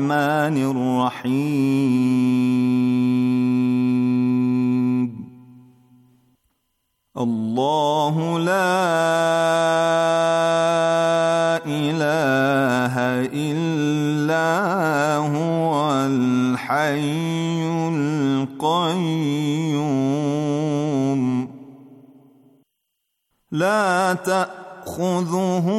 الرحمن الرحيم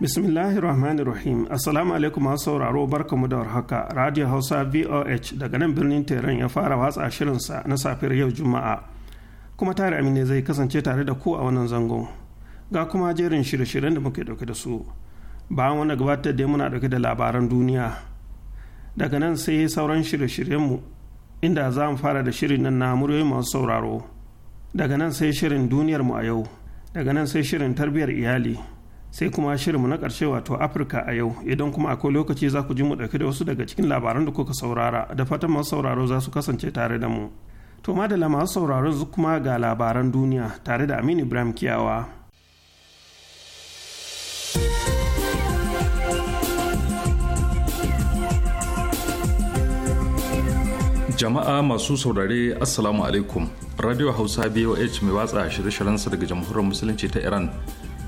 Bismillahirrahmanirrahim. Assalamu alaikum masu sauraro barkamu da warhaka. Radio Hausa VOH daga nan birnin Tehran ya fara watsa shirinsa na safiyar yau Juma'a. Kuma tare amine zai kasance tare da ku a wannan zango. Ga kuma jerin shirye-shiryen da muke dauke da su. Bayan wani gabatar da muna dauke da labaran duniya. Daga nan sai sauran shirye-shiryenmu inda za mu fara da shirin nan na muryoyi masu sauraro. Daga nan sai shirin duniyarmu a yau. Daga nan sai shirin tarbiyyar iyali. sai kuma shirinmu na ƙarshe wato afirka a yau idan kuma akwai lokaci za ku ji mu ɗauki da wasu daga cikin labaran da kuka saurara da fatan masu sauraro za su kasance tare da mu to madala masu sauraron su kuma ga labaran duniya tare da aminu ibrahim kiyawa jama'a masu saurare assalamu alaikum radio hausa boh mai watsa shirye-shiryensa daga jamhuriyar musulunci ta iran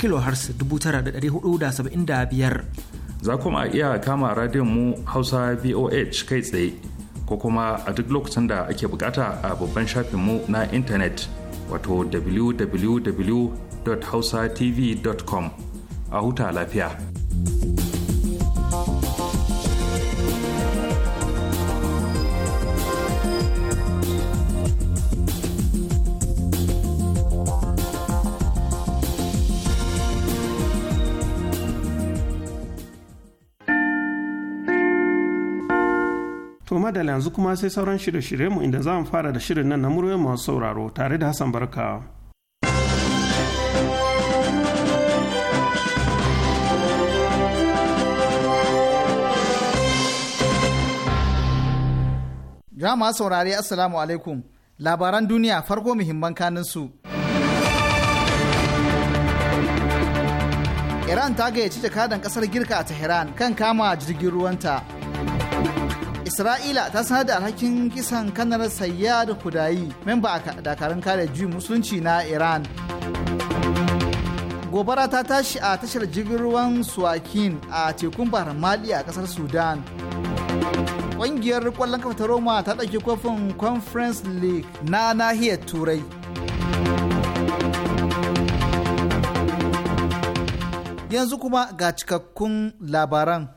kilohertz biyar. za kuma iya kama radiyon mu hausa voh kai tsaye ko kuma a duk lokacin da ake bukata a babban shafinmu na intanet wato www.hausatv.com a huta lafiya. To da yanzu kuma sai sauran shirye-shirye mu inda za mu fara da shirin nan na muryoyin masu sauraro tare da Hassan Barka. Jama'a saurare Assalamu alaikum. Labaran duniya farko muhimman kanin su. Iran ta gayyaci jakadan kasar Girka a Tehran kan kama jirgin ruwanta. isra'ila ta sanar da alhakin kisan kanar da kudayi memba a dakarun kare juyin musulunci na iran gobara ta tashi a tashar jirgin ruwan suwakin a tekun bahar mali a kasar sudan ƙungiyar kwallon kafa ta roma ta ɗauki kofin conference league na nahiyar turai yanzu kuma ga cikakkun labaran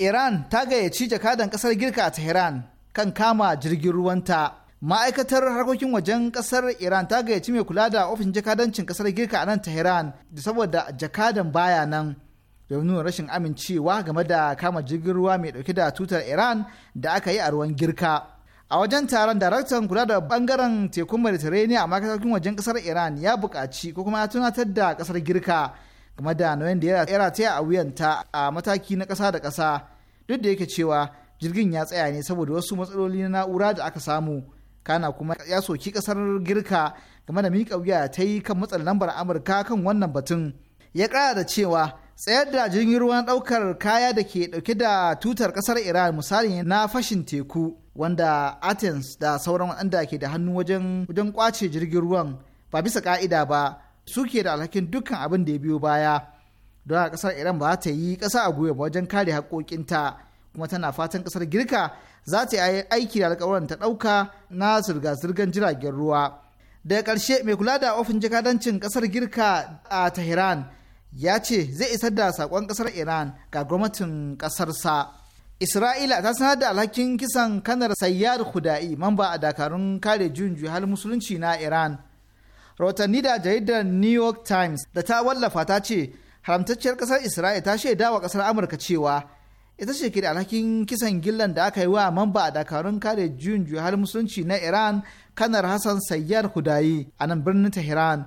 iran ta gayyaci jakadan kasar girka a tehran kan kama jirgin ruwanta ma'aikatar harkokin wajen kasar iran ta gayyaci mai kula da ofishin jakadancin kasar girka a nan tehran da saboda jakadan baya nan domin nuna rashin amincewa game da kama jirgin ruwa mai dauke da tutar iran da aka yi a ruwan girka a wajen taron daraktan kula da bangaren tekun mediterranean a ma'aikatar wajen kasar iran ya buƙaci ko kuma ya tunatar da kasar girka game da nauyin da ya rataya a wuyanta a mataki na ƙasa da ƙasa duk da yake cewa jirgin ya tsaya ne saboda wasu matsaloli na na'ura da aka samu kana kuma ya soki ƙasar girka game da miƙa wuya ta yi kan matsalar lambar amurka kan wannan batun ya kara da cewa tsayar da jirgin ruwan ɗaukar kaya da ke ɗauke da tutar ƙasar iran misali na fashin teku wanda athens da sauran waɗanda ke da hannu wajen kwace jirgin ruwan ba bisa ka'ida ba suke da alhakin dukkan abin da ya biyo baya don a kasar iran ba za ta yi kasa a gwiwa wajen kare haƙoƙinta kuma tana fatan kasar girka za ta yi aiki da alƙawuran ta ɗauka na zirga-zirgar jiragen ruwa daga karshe mai kula da ofin jakadancin kasar girka a tehran ya ce zai isar da saƙon kasar iran ga gwamnatin ƙasarsa isra'ila ta sanar da alhakin kisan kanar sayyar huda'i mamba a dakarun kare juyin juhal musulunci na iran rahotanni da jaridar new york times da ta wallafa ta ce haramtacciyar kasar isra'il ta shaida wa kasar amurka cewa ita ce ke da alhakin kisan gillan da aka yi wa mamba a dakarun kare juyin juhar musulunci na iran kanar hassan sayyar hudayi a nan birnin tehran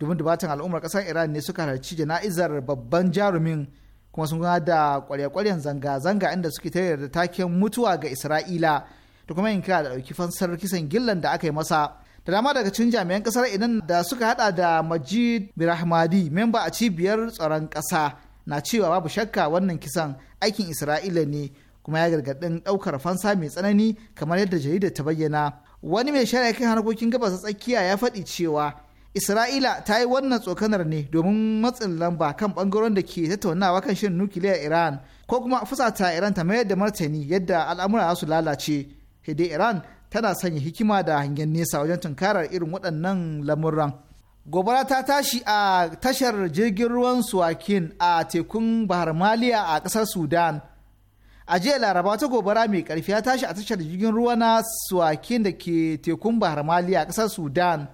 domin dubatan al'ummar kasar iran ne suka halarci jana'izar babban jarumin kuma sun gana da kwarya-kwaryan zanga-zanga inda suke tare da taken mutuwa ga isra'ila da kuma yin kira da ɗauki fansar kisan gillan da aka yi masa da dama daga cikin jami'an kasar idan da suka hada da majid birahmadi memba a cibiyar tsaron kasa na cewa babu shakka wannan kisan aikin isra'ila ne kuma ya gargadin daukar fansa mai tsanani kamar yadda jaridar ta bayyana wani mai shari'a kan harkokin gabas tsakiya ya faɗi cewa isra'ila ta yi wannan tsokanar ne domin matsin lamba kan bangaren da ke tattaunawa kan shirin nukiliya iran ko kuma fusata iran ta mayar da martani yadda al'amura su lalace hidde iran tana sanya hikima da hangen nesa wajen tunkarar irin waɗannan lamuran. Gobara ta tashi a tashar jirgin ruwan Suwakin a tekun Bahar Maliya a ƙasar Sudan. A jiya Laraba ta gobara mai ƙarfi ya tashi a tashar jirgin ruwa na Suwakin da ke tekun Bahar Maliya a ƙasar Sudan.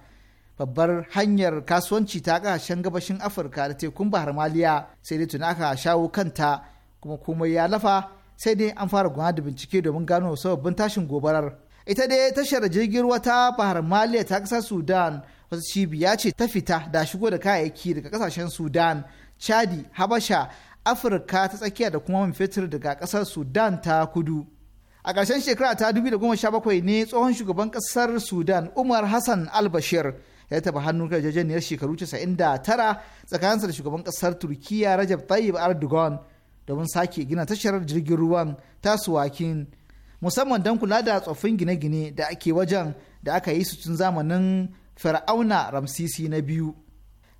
Babbar hanyar kasuwanci ta ƙasashen gabashin Afirka da tekun Bahar Maliya sai dai tuna aka shawo kanta kuma komai ya lafa sai dai an fara gwana da bincike domin gano sababbin tashin gobarar. ita dai tashar jirgin ruwa ta bahar maliya ta kasar sudan wasu cibiya ce ta fita da shigo da kayayyaki daga kasashen sudan chadi habasha afirka ta tsakiya da kuma man fetur daga kasar sudan ta kudu a ƙarshen shekara ta 2017 ne tsohon shugaban kasar sudan umar hassan albashir ya taba hannun yarjejeniyar shekaru 99 tsakaninsa da shugaban kasar turkiya rajab tayyib erdogan domin sake gina tashar jirgin ruwan ta suwakin musamman don kula da tsoffin gine-gine da ake wajen da aka yi su tun zamanin fir'auna ramsisi na biyu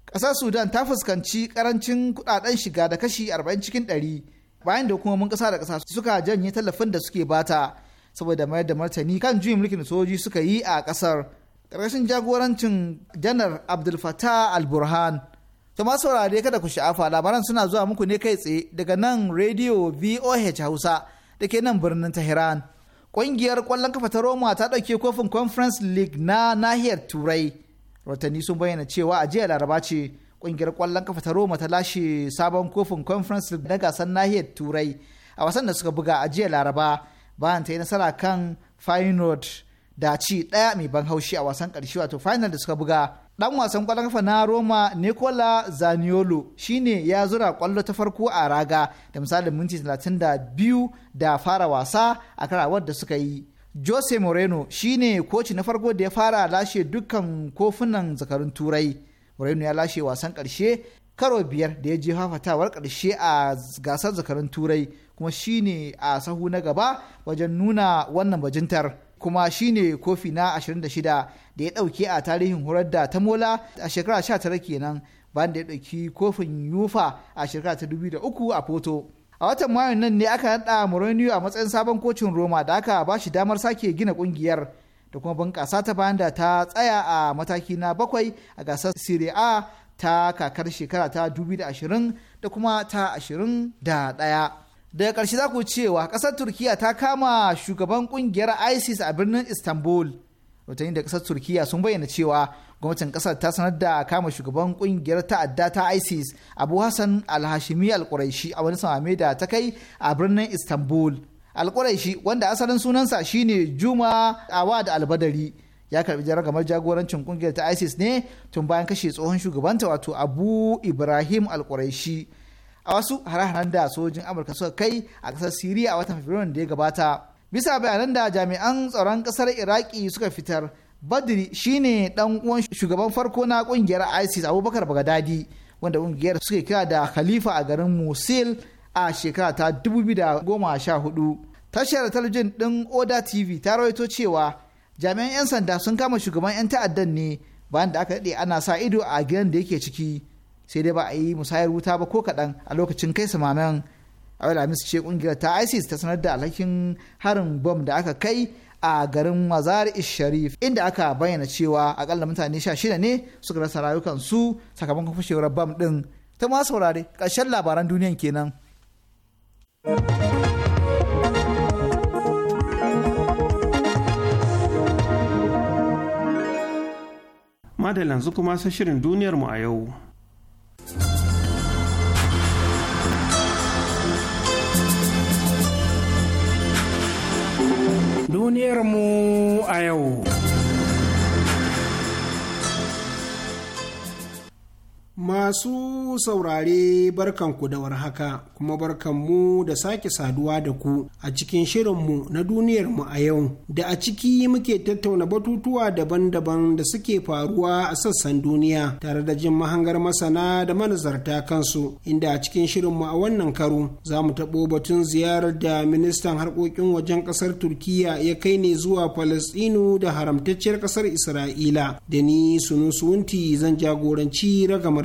ƙasar sudan ta fuskanci ƙarancin kuɗaɗen shiga da kashi 40 cikin 100 bayan da hukumomin ƙasa da ƙasa suka janye tallafin da suke bata saboda mayar da martani kan juyin mulkin sojoji suka yi a ƙasar ƙarƙashin jagorancin janar abdul fatah al-burhan to kada ku sha'afa labaran suna zuwa muku ne kai tsaye daga nan radio voh hausa da ke nan birnin Tehran. Ƙungiyar ƙwallon kafa ta Roma ta ɗauki kofin Conference League na nahiyar Turai. Rotani sun bayyana cewa a jiya Laraba ce ƙungiyar ƙwallon kafa ta Roma ta lashe sabon kofin Conference League na gasar nahiyar Turai a wasan da suka buga a jiya Laraba bayan ta yi nasara kan Feyenoord da ci ɗaya mai ban haushi a wasan ƙarshe wato final da suka buga. dan wasan kwallon kafa na Roma Nicola Zaniolo shine ya zura kwallo ta farko a raga da misalin minti 32 da fara wasa a karawar da suka yi. Jose Moreno shine koci na farko da ya fara lashe dukkan kofunan zakarun turai. Moreno ya lashe wasan karshe karo biyar da ya je hafatawar karshe a gasar zakarun turai kuma shine a sahu na gaba wajen nuna wannan bajintar. kuma shine kofi na 26 da ya ɗauki a tarihin horar da ta mola a shekara 19 kenan bayan da ya ɗauki kofin yufa a shekara ta 2003 a foto. a watan mayun nan ne aka naɗa Mourinho a matsayin sabon kocin Roma da aka ba shi damar sake gina kungiyar da kuma bunƙasa ta bayan da ta tsaya a mataki na bakwai a gasar Serie A ta kakar shekara ta 2020 da kuma ta 21. daga ƙarshe za ku cewa ƙasar turkiyya ta kama shugaban ƙungiyar isis a birnin istanbul rotanni da ƙasar turkiyya sun bayyana cewa gwamnatin ƙasar ta sanar da kama shugaban ƙungiyar ta'adda ta isis abu hassan alhashimi alƙuraishi a wani samame da ta kai a birnin istanbul alƙuraishi wanda asalin sunansa shine juma awad albadari ya karbi jaragamar jagorancin ƙungiyar ta isis ne tun bayan kashe tsohon shugabanta wato abu ibrahim alƙuraishi a wasu hare-haren da sojin amurka suka kai a ƙasar siriya a watan fabrairu da ya gabata bisa bayanan da jami'an tsaron kasar iraki suka fitar badri shine dan uwan shugaban farko na kungiyar isis abubakar bagadadi wanda kungiyar suka kira da khalifa a garin musil a shekara ta 2014 tashar talabijin din oda tv ta rawaito cewa jami'an 'yan sanda sun kama shugaban 'yan ta'addan ne bayan da aka daɗe ana sa ido a gidan da yake ciki sai dai ba a yi musayar wuta ba ko kaɗan a lokacin kai samamen alhamis ce kungiyar ta isis ta sanar da alhakin harin bom da aka kai a garin mazar sharif inda aka bayyana cewa akalla mutane sha shida ne suka rasa rayukansu sakamakon fashewar bom din ta ma saurare ƙarshen labaran duniyan kenan. Madalla yanzu kuma sa shirin duniyarmu a yau. Duniyarmu a yau. Masu saurare barkan ku da warhaka kuma barkanmu da sake saduwa da ku a cikin shirinmu na duniyarmu a yau da a ciki muke tattauna batutuwa daban-daban da suke faruwa a sassan duniya tare da jin mahangar masana da manazarta kansu inda a cikin shirinmu a wannan karo za mu taɓo batun ziyarar da ministan harkokin wajen ƙasar turkiya ya kai ne zuwa Falasɗinu da haramtacciyar ƙasar Isra'ila da ni Sunusuwunti zan jagoranci ragamar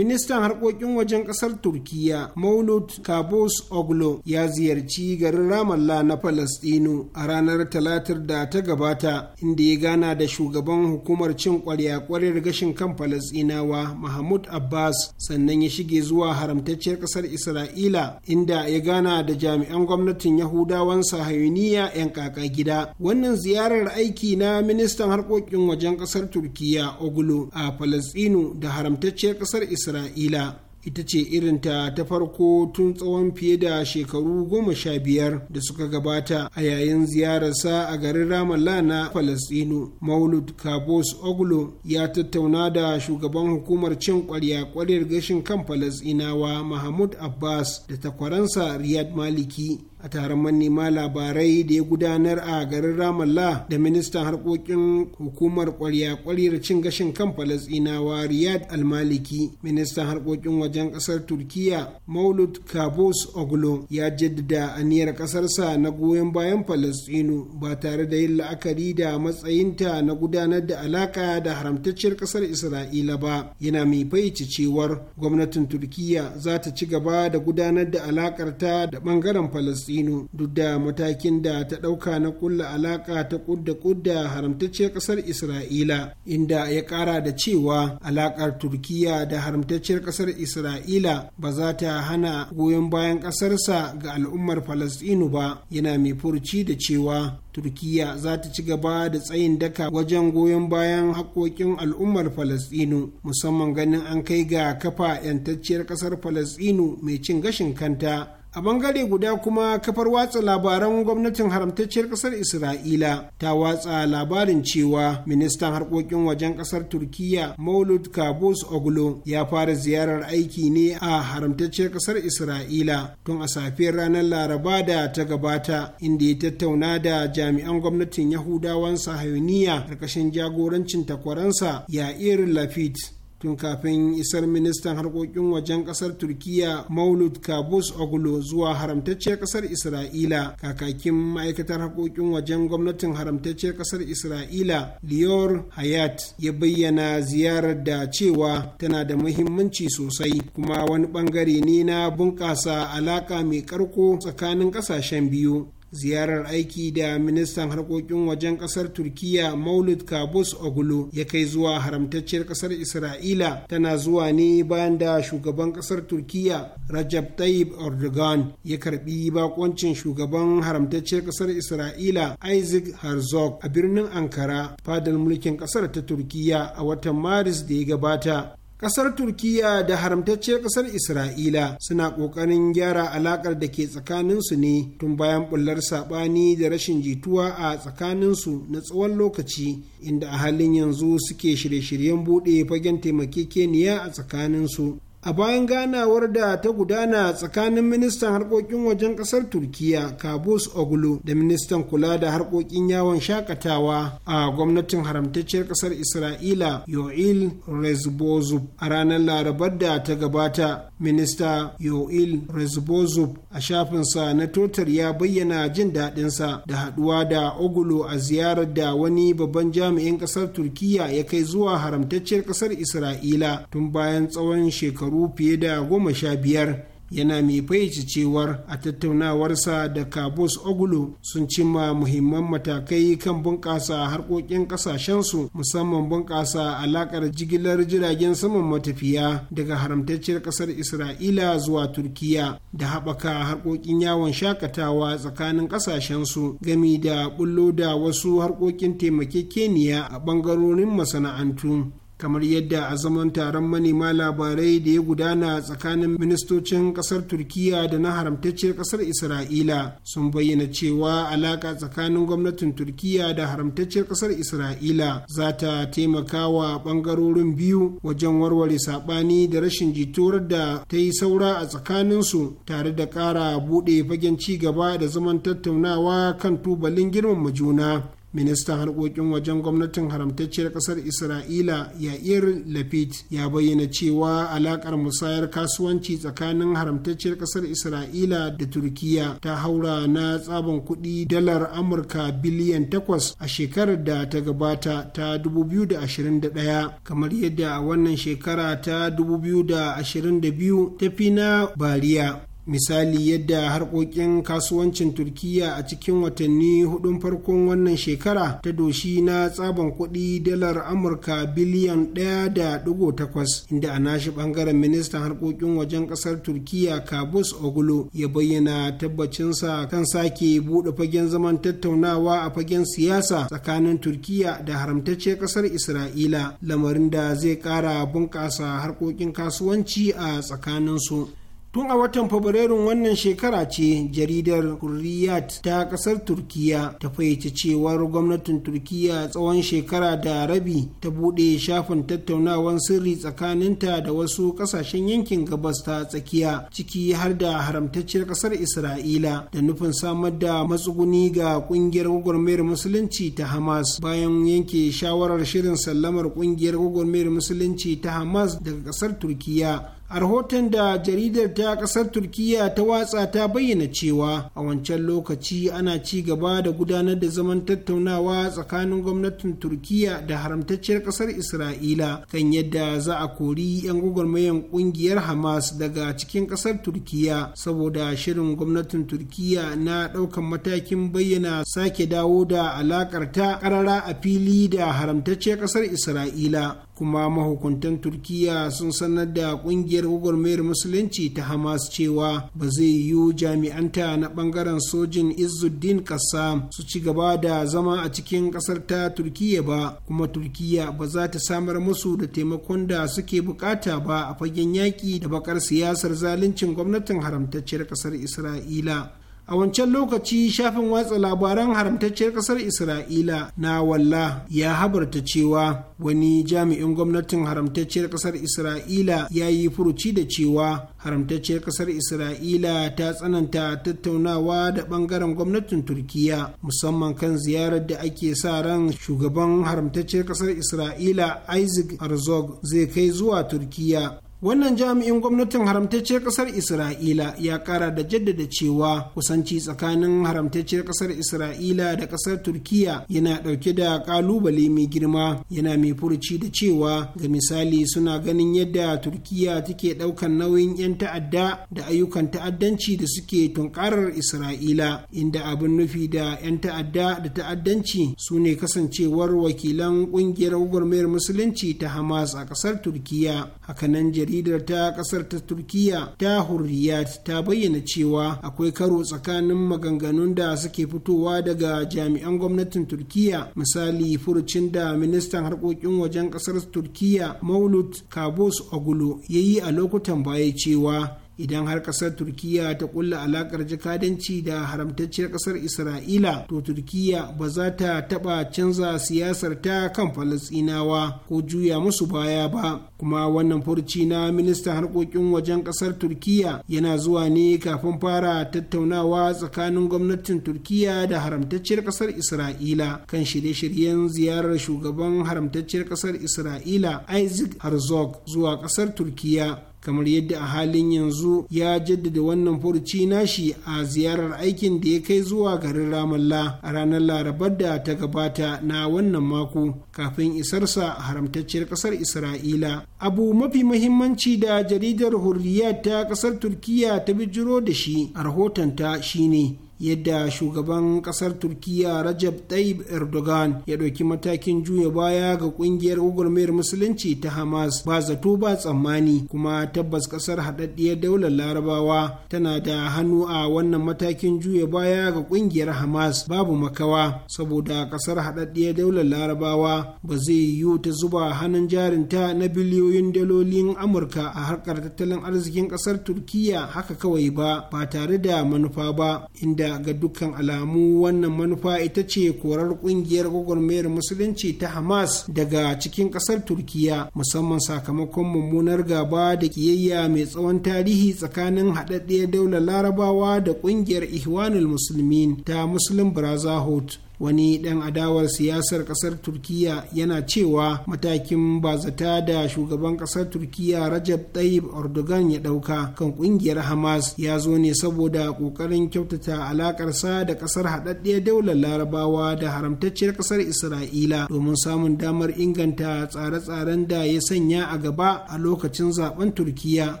ministan harkokin wajen kasar turkiya maulud kabus oglo ya ziyarci garin ramallah na falastinu a ranar talatar da ta gabata inda ya gana da shugaban hukumar cin kwarya kwarar gashin kan falastinawa mahmud abbas sannan ya shige zuwa haramtacciyar kasar isra'ila inda ya gana da jami'an gwamnatin yahudawan sahayuniya 'yan kaka gida wannan ziyarar aiki na ministan harkokin wajen kasar turkiya oglo a falastinu da haramtacciyar kasar isra'ila isra'ila ita ce irinta ta farko tun tsawon fiye da shekaru goma sha biyar da suka gabata a yayin ziyararsa a garin ramallah na falastinu maulud kabos oglo ya tattauna da shugaban hukumar cin kwarya kwaryar gashin kan falastinawa mahmud abbas da takwaransa riyad maliki a taron manema labarai da ya gudanar a garin ramallah da ministan harkokin hukumar kwarya kwaryar cin gashin kan falasinawa riyad almaliki ministan harkokin wajen kasar turkiya maulud kabus oglo ya jaddada aniyar kasarsa na goyon bayan falasinu ba tare da yin la'akari da matsayinta na gudanar da alaka da haramtacciyar kasar isra'ila ba yana mai faice cewar gwamnatin Turkiyya za ta ci gaba da gudanar da alakarta da bangaren falasinu duk da matakin da ta ɗauka na kulla alaƙa ta kudda kudda haramtacciyar ƙasar isra'ila inda ya ƙara da cewa alaƙar turkiya da haramtacciyar ƙasar isra'ila ba za ta hana goyon bayan ƙasarsa ga al'ummar falastinu ba yana mai furci da cewa turkiya za ta ci gaba da tsayin daka wajen goyon bayan haƙoƙin al'ummar falasɗinu musamman ganin an kai ga kafa 'yantacciyar ƙasar falasɗinu mai cin gashin kanta a bangare guda kuma kafar watsa labaran gwamnatin haramtacciyar kasar isra'ila ta watsa labarin cewa ministan harkokin wajen kasar turkiya maulud kabus oglo ya fara ziyarar aiki ne a haramtacciyar kasar isra'ila tun a safiyar ranar laraba da ta gabata inda ya tattauna da jami'an gwamnatin yahudawan sahayuniya ƙarƙashin jagorancin takwaransa ya lafit tun kafin isar ministan harkokin wajen kasar turkiya maulud kabus oglo zuwa haramtacciyar kasar isra'ila kakakin ma'aikatar harkokin wajen gwamnatin haramtacciyar kasar isra'ila lior hayat ya bayyana ziyarar da cewa tana da muhimmanci sosai kuma wani bangare ne na bunƙasa alaƙa mai ƙarko tsakanin ƙasashen biyu ziyarar aiki da ministan harkokin wajen kasar turkiya maulud kabus Oglu, ya kai zuwa haramtacciyar kasar isra'ila tana zuwa ne bayan da shugaban kasar turkiya rajab tayyip erdogan ya karbi bakoncin shugaban haramtacciyar kasar isra'ila isaac herzog a birnin ankara fadar mulkin kasar ta turkiya a watan maris da ya gabata kasar turkiya da haramtacciyar kasar isra'ila suna kokarin gyara alakar da ke tsakaninsu ne tun bayan bullar sabani da rashin jituwa a tsakaninsu na tsawon lokaci inda a halin yanzu suke shirye-shiryen buɗe fagen taimakekeniya a tsakaninsu a bayan ganawar da ta gudana tsakanin ministan harkokin wajen kasar turkiya kabus oglu da ministan kula da harkokin yawon shakatawa a gwamnatin haramtacciyar kasar isra'ila yoil rezbozub a ranar larabar da ta gabata minista yoil rezbozub a shafinsa na totar ya bayyana jin daɗinsa da haɗuwa da ogulo a ziyarar da wani babban jami'in ƙasar turkiya ya kai zuwa haramtacciyar ƙasar isra'ila tun bayan tsawon shekaru fiye da goma sha biyar yana mai fahimci cewar a tattaunawarsa da kabus ogulo sun cimma muhimman matakai kan bunƙasa harkokin ƙasashensu musamman bunƙasa alaƙar jigilar jiragen saman matafiya daga haramtacciyar ƙasar isra'ila zuwa turkiya da haɓaka harkokin yawon shakatawa tsakanin ƙasashensu gami da bullo da wasu harkokin taimakekeniya a ɓangarorin masana'antu kamar yadda a zaman taron manema labarai da ya gudana tsakanin ministocin kasar turkiya da na haramtacciyar kasar isra'ila sun bayyana cewa alaka tsakanin gwamnatin turkiya da haramtacciyar kasar isra'ila za ta taimaka wa bangarorin biyu wajen warware saɓani da rashin jituwar da ta yi saura a tsakaninsu tare da ƙara buɗe fagen ci gaba da zaman tattaunawa kan tubalin girmama juna ministan harkokin wajen gwamnatin haramtacciyar kasar isra'ila yair lapid ya bayyana cewa alakar musayar kasuwanci tsakanin haramtacciyar kasar isra'ila da turkiya ta haura na tsaban kuɗi dalar amurka biliyan takwas a shekarar da ta gabata ta 2021 kamar yadda a wannan shekara ta 2022 ta fi na bariya misali yadda harkokin kasuwancin turkiya a cikin watanni hudun farkon wannan shekara ta doshi na tsaban kuɗi dalar amurka biliyan 1.8 inda a nashi bangaren ministan harkokin wajen ƙasar turkiya kabus ogulo ya bayyana tabbacinsa kan sake buɗe fagen zaman tattaunawa a fagen siyasa tsakanin turkiya da haramtacce ƙasar isra'ila lamarin da zai ƙara bunƙasa harkokin kasuwanci a tsakaninsu tun a watan fabrairun wannan shekara ce jaridar kurriyat ta kasar turkiya ta fayyace cewar gwamnatin turkiyya tsawon shekara da rabi ta buɗe shafin tattaunawan sirri tsakaninta da wasu ƙasashen yankin gabas ta tsakiya ciki har da haramtacciyar ƙasar isra'ila da nufin samar da matsuguni ga ƙungiyar gwagwarmayar musulunci ta hamas bayan yanke shawarar shirin sallamar ƙungiyar gwagwarmayar musulunci ta hamas daga ƙasar turkiyya. a rahoton da jaridar ta kasar turkiya ta watsa ta bayyana cewa a wancan lokaci ana ci gaba da gudanar da zaman tattaunawa tsakanin gwamnatin turkiya da haramtacciyar kasar isra'ila kan yadda za a kori 'yan gwagwarmayan kungiyar hamas daga cikin kasar turkiya saboda shirin gwamnatin turkiya na daukan matakin bayyana sake dawo da alakar ta karara a fili da haramtacciyar kasar isra'ila kuma mahukuntan turkiya sun sanar da kungiyar gwagwarmayar musulunci ta hamas cewa ba zai yiwu jami'anta na bangaren sojin izzuddin kassam su ci gaba da zama a cikin kasar ta turkiya ba kuma turkiya ba za ta samar musu da taimakon da suke bukata ba a fagen yaƙi da bakar siyasar zaluncin gwamnatin haramtacciyar kasar isra'ila a wancan lokaci shafin watsa labaran haramtacciyar kasar isra'ila na walla ya habarta cewa wani jami'in gwamnatin haramtacciyar kasar isra'ila ya yi furuci da cewa haramtacciyar kasar isra'ila ta tsananta tattaunawa da bangaren gwamnatin turkiya musamman kan ziyarar da ake sa ran shugaban haramtacciyar kasar isra'ila isaac herzog zai kai zuwa turkiya wannan jami'in gwamnatin haramtacciyar kasar isra'ila ya kara da jaddada cewa kusanci tsakanin haramtacciyar kasar isra'ila da kasar turkiya yana dauke da kalubale mai girma yana mai furuci da cewa ga misali suna ganin yadda turkiya take daukan nauyin 'yan ta'adda da ayyukan ta'addanci da suke tunkarar isra'ila inda abin nufi da 'yan ta'adda da ta'addanci su ne kasancewar wakilan kungiyar gwagwarmayar musulunci ta hamas a kasar turkiya hakanan jaridar ta kasar ta turkiya ta hurriyat ta bayyana cewa akwai karo tsakanin maganganun da suke fitowa daga jami'an gwamnatin turkiya misali furucin da ministan harkokin wajen kasar turkiya maulud kabus ogulu ya yi a lokutan baya cewa idan har kasar turkiya ta kulla alakar jakadanci da haramtacciyar kasar isra'ila to turkiya ba za ta taba canza siyasar ta kan falasinawa ko juya musu baya ba kuma wannan furci na ministan harkokin wajen kasar turkiya yana zuwa ne kafin fara tattaunawa tsakanin gwamnatin turkiya da haramtacciyar kasar isra'ila kan shirye-shiryen ziyarar shugaban haramtacciyar kasar isra'ila isaac herzog zuwa kasar turkiya kamar yadda a halin yanzu ya jaddada wannan furuci nashi a ziyarar aikin da ya kai zuwa garin ramalla a ranar larabar da ta gabata na wannan mako kafin isarsa a haramtacciyar kasar isra'ila abu mafi mahimmanci da jaridar hurriya ta kasar turkiya ta bijiro da shi a rahotonta shine yadda shugaban kasar turkiya rajab tayyip erdogan ya ɗauki matakin juya baya ga ƙungiyar gwagwarmayar musulunci ta hamas ba zato ba tsammani kuma tabbas kasar haɗaɗɗiyar daular larabawa tana da hannu a wannan matakin juya baya ga kungiyar hamas babu makawa saboda kasar haɗaɗɗiyar daular larabawa ba zai yiwu ta zuba hannun jarinta na biliyoyin dalolin amurka a harkar tattalin arzikin kasar turkiya haka kawai ba ba tare da manufa ba inda ga dukkan alamu wannan manufa ita ce korar kungiyar gwagwarmayar musulunci ta hamas daga cikin kasar turkiya musamman sakamakon mummunar gaba da kiyayya mai tsawon tarihi tsakanin haɗaɗɗiyar daular larabawa da kungiyar ihwanul musulmin ta muslim brotherhood wani ɗan adawar siyasar ƙasar turkiya yana cewa matakin bazata da shugaban ƙasar turkiya rajab tayyip erdogan ya ɗauka kan ƙungiyar hamas ya zo ne saboda ƙoƙarin kyautata alaƙarsa da ƙasar haɗaɗɗiyar daular larabawa da haramtacciyar ƙasar isra'ila domin samun damar inganta tsare-tsaren da ya sanya a gaba a lokacin zaben turkiya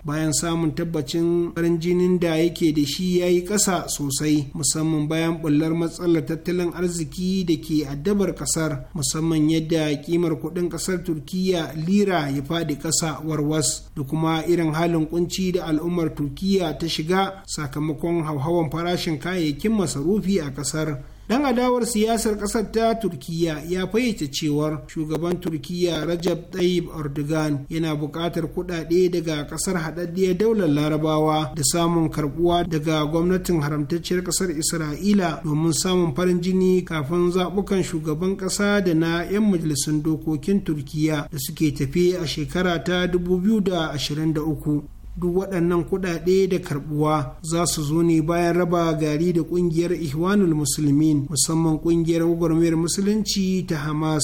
bayan samun tabbacin farin jinin da yake da shi ya yi ƙasa sosai musamman bayan bullar matsalar tattalin arziki arziki da ke addabar kasar musamman yadda kimar kudin kasar turkiya lira ya fadi kasa warwas da kuma irin halin kunci da al'ummar turkiya ta shiga sakamakon hauhawan farashin kayayyakin masarufi a kasar dan adawar siyasar kasar ta turkiya ya fayyace cewar shugaban turkiyya rajab tayyip erdogan yana buƙatar kuɗaɗe daga kasar haɗaɗɗiyar daular larabawa da samun karbuwa daga gwamnatin haramtacciyar kasar isra'ila domin samun farin jini kafin zaɓukan shugaban ƙasa da na 'yan majalisun dokokin turkiyya da suke tafe a shekara ta 2023 duk waɗannan kuɗaɗe da karɓuwa za su zo ne bayan raba gari da ƙungiyar ihwanul musulmin musamman ƙungiyar gwagwarmayar musulunci ta hamas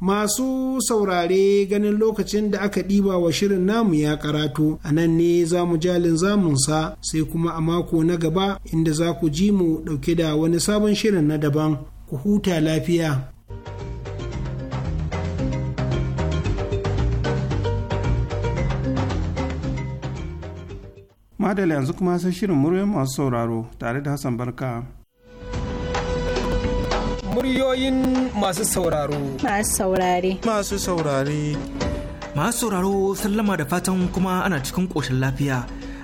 masu saurare ganin lokacin da aka ɗiba wa shirin namu ya karatu a nan ne za mu jalin zamunsa sai kuma a mako na gaba inda za ku ji mu ɗauke da wani sabon shirin na daban ku huta lafiya madala yanzu kuma sai shirin muryoyin masu sauraro tare da hassan barka muryoyin masu sauraro masu saurare masu saurare masu sauraro sallama da fatan kuma ana cikin ƙoshin lafiya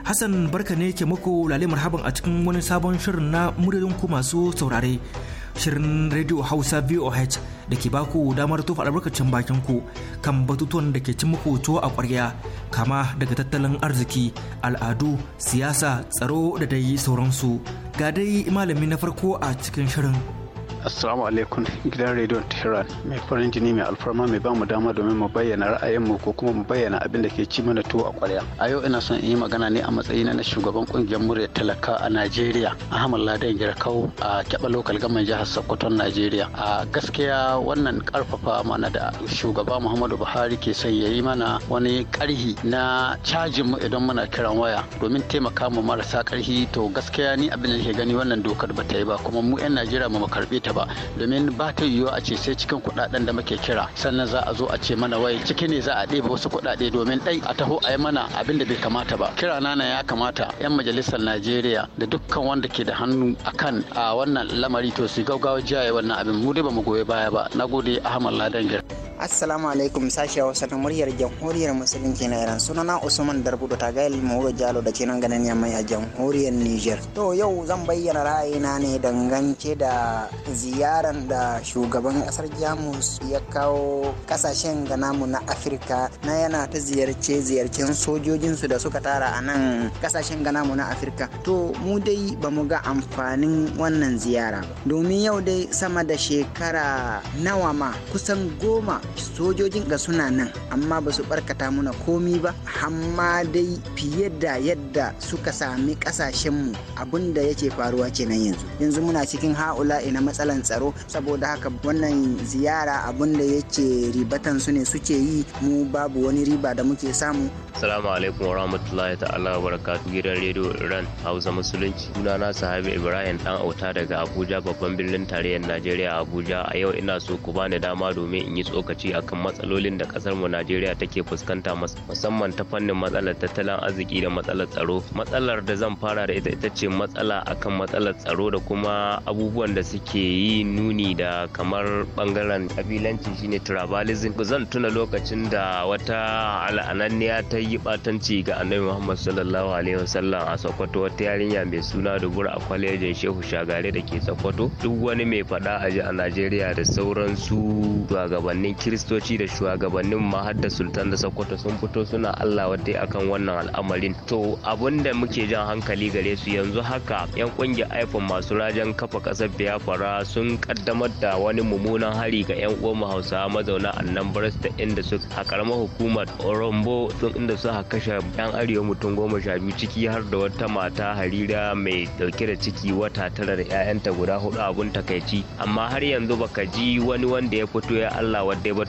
hassan barka ne ke muku lale marhaban a cikin wani sabon shirin na muryoyin ku masu saurare shirin Radio Hausa VOH da ke baku damar tufa albarkacin bakin ku kan batutuwan da ke cin muku tuwo a kwarya kama daga tattalin arziki, al'adu, siyasa, tsaro da dai sauransu. Ga dai malami na farko a cikin shirin. Assalamu alaikum gidan rediyon Tehran mai farin jini mai alfarma mai bamu dama domin mu bayyana ra'ayinmu ko kuma mu bayyana abin da ke ci mana tuwo a kwarya. A yau ina son in yi magana ne a matsayi na shugaban kungiyar murya talaka a Najeriya Ahmad Ladan Girkau a Kyaba lokal Gaman Jihar Sokoto Najeriya. A gaskiya wannan karfafa mana da shugaba Muhammadu Buhari ke son ya yi mana wani karhi na cajin mu idan muna kiran waya domin taimaka mu marasa karhi to gaskiya ni abin da ke gani wannan dokar ba ta yi ba kuma mu 'yan Najeriya mu karbe ta ita ba domin ba ta yiwuwa a ce sai cikin kuɗaɗen da muke kira sannan za a zo a ce mana wai ciki ne za a ɗebe wasu kuɗaɗe domin ɗai a taho a yi mana abin da bai kamata ba kira na ya kamata 'yan majalisar najeriya da dukkan wanda ke da hannu a kan a wannan lamari to su gaugawa jiya wannan abin mu dai ba mu goyi baya ba na gode ahmad ladan gir assalamu alaikum sashi hausa na muryar jamhuriyar musulunci na iran sunana usman darbudu tagayil mawuro jalo da ke nan ganin yamai a jamhuriyar niger to yau zan bayyana ra'ayina ne dangance da ziyaran da shugaban kasar jamus ya kawo kasashen ga namu na afirka na yana ta ziyarce ziyarcen sojojinsu da suka tara a nan kasashen ga namu na afirka to mu dai ba mu ga amfanin wannan ziyara ba domin yau dai sama da shekara nawa ma kusan goma sojojin ga suna nan amma ba su barkata muna komi ba amma dai fiye da yadda suka sami kasashenmu abinda da yake faruwa kenan yanzu yanzu muna cikin ha'ula ina matsala matsalan tsaro saboda haka wannan ziyara abun da yake ribatan su ne suke yi mu babu wani riba da muke samu Assalamu alaikum wa rahmatullahi ta'ala wa barakatu gidan rediyo Iran Hausa Musulunci. Suna na Sahabi Ibrahim dan auta daga Abuja babban birnin tarayyar Najeriya Abuja. A yau ina so ku bani dama domin in yi tsokaci akan matsalolin da kasar mu Najeriya take fuskanta musamman ta fannin matsalar tattalin arziki da matsalar tsaro. Matsalar da zan fara da ita ita ce matsala akan matsalar tsaro da kuma abubuwan da suke yi nuni da kamar bangaren kabilanci shine tribalism. Zan tuna lokacin da wata al'ananniya ta yi batanci ga annabi muhammad sallallahu alaihi wasallam a sokoto wata yarinya mai suna dubur a kwalejin shehu shagare da ke sokoto duk wani mai fada a ji a najeriya da sauransu shugabannin kiristoci da shugabannin mahadda sultan da sokoto sun fito suna allah wata akan wannan al'amarin to abun da muke jan hankali gare su yanzu haka yan kungiyar iphone masu rajen kafa kasar biafra sun kaddamar da wani mummunan hari ga yan uwan hausawa mazauna annan da inda suka a karamar hukumar orombo sun wanda suka kashe yan arewa mutum goma sha biyu ciki har da wata mata harira mai dauke da ciki wata tara da 'ya'yanta guda hudu abun takaici amma har yanzu baka ji wani wanda ya fito ya allah wadda ba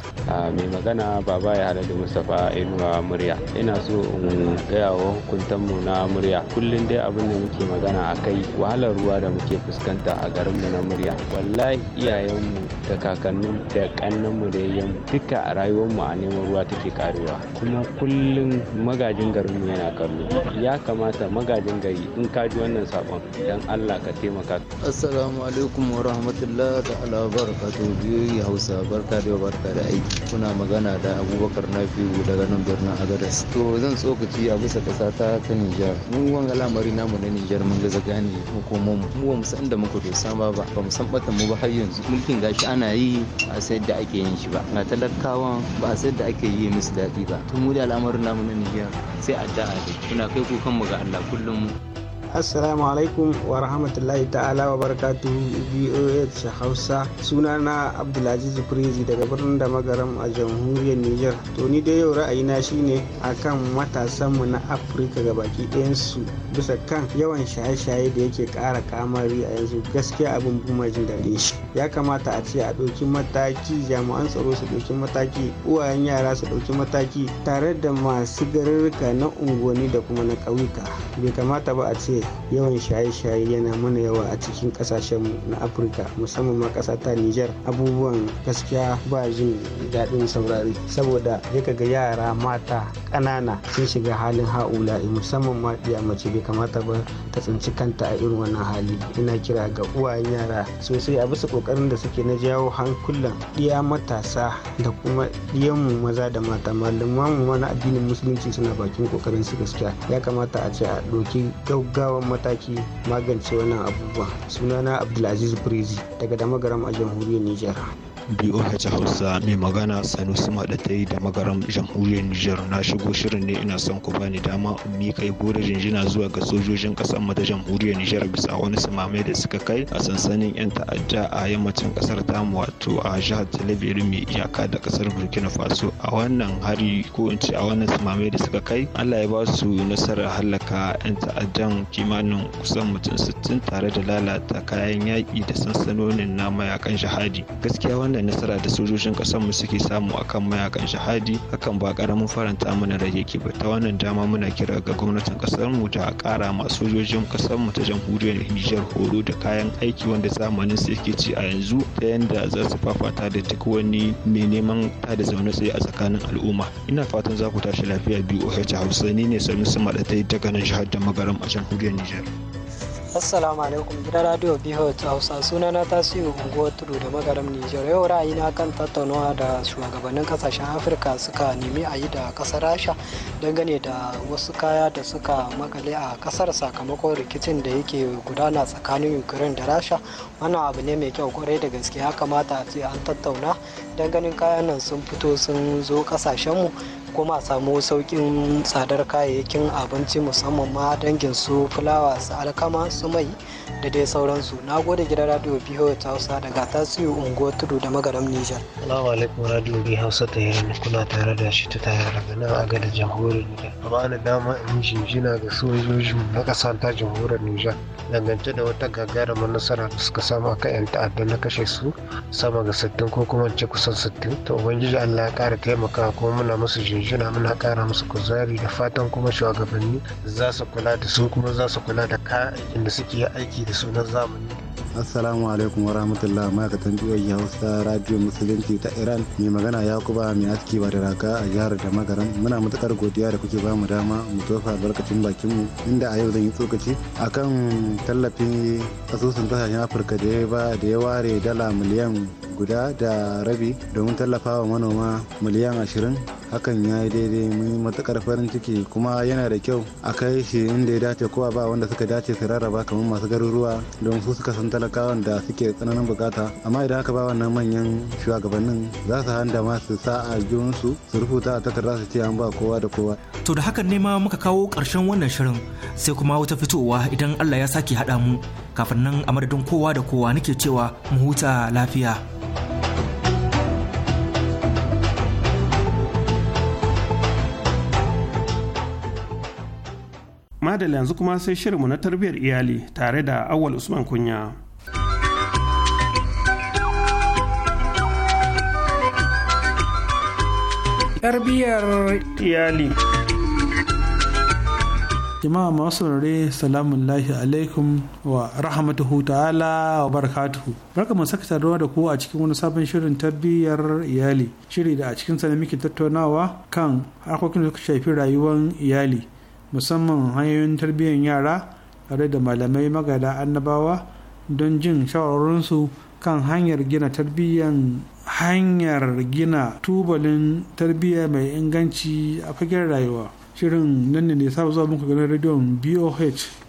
mai magana baba ya hada da mustapha inuwa murya ina so in gaya wa hukuntanmu na murya kullum dai abin da muke magana a kai wahalar ruwa da muke fuskanta a garin mu na murya wallahi iyayenmu da kakannin da mu da yayyanmu duka a mu a neman ruwa take karewa kuma kullum magajin garin yana kallo ya kamata magajin gari in ka ji wannan sabon dan Allah ka taimaka assalamu alaikum wa rahmatullah da ala barakatu biyoyi hausa barka da barka da aiki kuna magana da abubakar nafiu daga nan birnin agadas to zan tsokaci a bisa kasa ta ta nijar mun wanga lamari namu na nijar mun gaza gane hukumar mu mu mu san da muku dosa ba ba ba mu san batan mu ba har yanzu mulkin gashi ana yi a sai da ake yin shi ba na talakawan ba a da ake yi musu daɗi ba tun mu da lamarin namu mu na sai addu'a dai muna kai kukan mu ga Allah kullum mu. assalamu alaikum wa rahmatullahi ta'ala wa barakatuhu voh hausa suna na abdulaziz prezi daga birnin da magaram a jamhuriyar Nijar. to ni dai yau ra'ayina shine akan matasanmu na afirka gabaki ɗayansu bisa kan yawan shaye-shaye da yake ƙara kamari a yanzu gaskiya abin buma jin daɗin shi ya kamata a ce a ɗauki mataki jami'an tsaro su ɗauki mataki uwayen yara su ɗauki mataki tare da masu garurruka na unguwanni da kuma na ƙauyuka bai kamata ba a ce yawan shaye-shaye yana mana yawa a cikin kasashen na afirka musamman ma kasa ta nijar abubuwan gaskiya ba jin daɗin saurari saboda ya ga yara mata ƙanana sun shiga halin ha'ula musamman ma ɗiya mace bai kamata ba ta tsinci kanta a irin wannan hali ina kira ga uwayen yara sosai a bisa ƙoƙarin da suke na jawo hankulan ɗiya matasa da kuma ɗiyanmu maza da mata mu mana addinin musulunci suna bakin ƙoƙarin su gaskiya ya kamata a ce a ɗauki gaggawa gaggawan mataki magance wannan abubuwa sunana abdulaziz brezi daga damagaram a jamhuriyar nijar BOH Hausa mai magana Sanusi yi da magaram jamhuriyar Nijar na shigo shirin ne ina son ku bani dama in kai gore jinjina zuwa ga sojojin ƙasar mu ta jamhuriyar Nijar bisa wani samame da suka kai a sansanin 'yan ta'adda a yammacin ƙasar mu wato a jihar Talabiri mai iyaka da ƙasar Burkina Faso a wannan hari ko in ce a wannan samame da suka kai Allah ya ba su nasarar hallaka 'yan ta'addan kimanin kusan mutum 60 tare da lalata kayan yaƙi da sansanonin na mayakan jihadi gaskiya wannan irin nasara da sojojin kasar mu suke samu akan mayakan shahadi hakan ba ƙaramin faranta mana rage yake ba ta wannan dama muna kira ga gwamnatin kasar mu ta ƙara ma sojojin ƙasar mu ta jamhuriyar Nijar horo da kayan aiki wanda zamanin su yake ci a yanzu ta yanda za su fafata da duk wani mai neman ta da zaune tsaye a tsakanin al'umma ina fatan za ku tashi lafiya biyu BOH Hausa ni ne su Maɗatai daga nan jihar da magaram a jamhuriyar Nijar. assalamu alaikum gida radio biyu hausa suna na tasiru unguwar tudu da magaram nijar yau ra'ayi na kan tattaunawa da shugabannin kasashen afirka suka nemi a yi da kasar rasha dangane da wasu kaya da suka makale a kasar sakamakon rikicin da yake gudana tsakanin ukraine da rasha wannan abu ne mai kyau kwarai da gaske ya kamata a ce an tattauna danganin kayan nan sun fito sun zo mu. kuma a samu sauƙin tsadar kayayyakin abinci musamman ma dangin su fulawa su alkama su mai da dai sauransu na gode gidan radio biyu ta hausa daga tasiri unguwar tudu da magaram nijar salamu alaikum radio biyu hausa ta yi kuna tare da shi ta tare da nan a gada jamhuriyar nijar amma da dama in jinjina ga sojoji na ƙasa ta jamhuriyar nijar dangance da wata gagarumar nasara da suka samu a kan 'yan ta'adda na kashe su sama ga sittin ko kuma ce kusan sittin to ubangiji allah ya kara taimaka kuma muna musu jinjina muna kara musu kuzari da fatan kuma shugabanni za su kula da su kuma za su kula da kayan da suke aiki aiki da sunan zamani assalamu alaikum warahmatullah ma'aikatan biyoyi hausa radio musulunci ta iran mai magana ya yakuba mai aski ba da raka a jihar da magaran muna matukar godiya da kuke bamu dama mu tofa barkacin bakinmu inda a yau zan yi tsokaci akan tallafin asusun kasashen afirka da ya ba da ya ware dala miliyan guda da rabi domin tallafa tallafawa manoma miliyan ashirin hakan ya yi daidai mun yi matukar farin ciki kuma yana da kyau a kai shi inda ya dace kowa ba wanda suka dace su rarraba kamar masu garuruwa don su suka san talakawan da suke tsananin bukata amma idan aka ba wannan manyan shugabannin za su handa masu sa a su su rubuta a takarda su ce an ba kowa da kowa. to da hakan ne ma muka kawo karshen wannan shirin sai kuma wata fitowa idan allah ya sake haɗa mu kafin nan a madadin kowa da kowa nake cewa mu huta lafiya. madalla yanzu kuma sai shirinmu na tarbiyyar iyali tare da awal usman kunya tarbiyyar iyali jama'a masu rare salamun lahi alaikum wa rahmatuhu ta'ala wa barakatuhu barka mu saka taruwa da ku a cikin wani sabon shirin tarbiyyar iyali shiri da a cikin sa muke tattaunawa kan harkokin da suka shafi rayuwar iyali musamman hanyoyin tarbiyyar yara tare da malamai magada annabawa don jin shawarorinsu kan hanyar gina tarbiyyar hanyar gina tubalin tarbiyya mai inganci a fagen rayuwa shirin nan ne sa zuwa muku ganin rediyon boh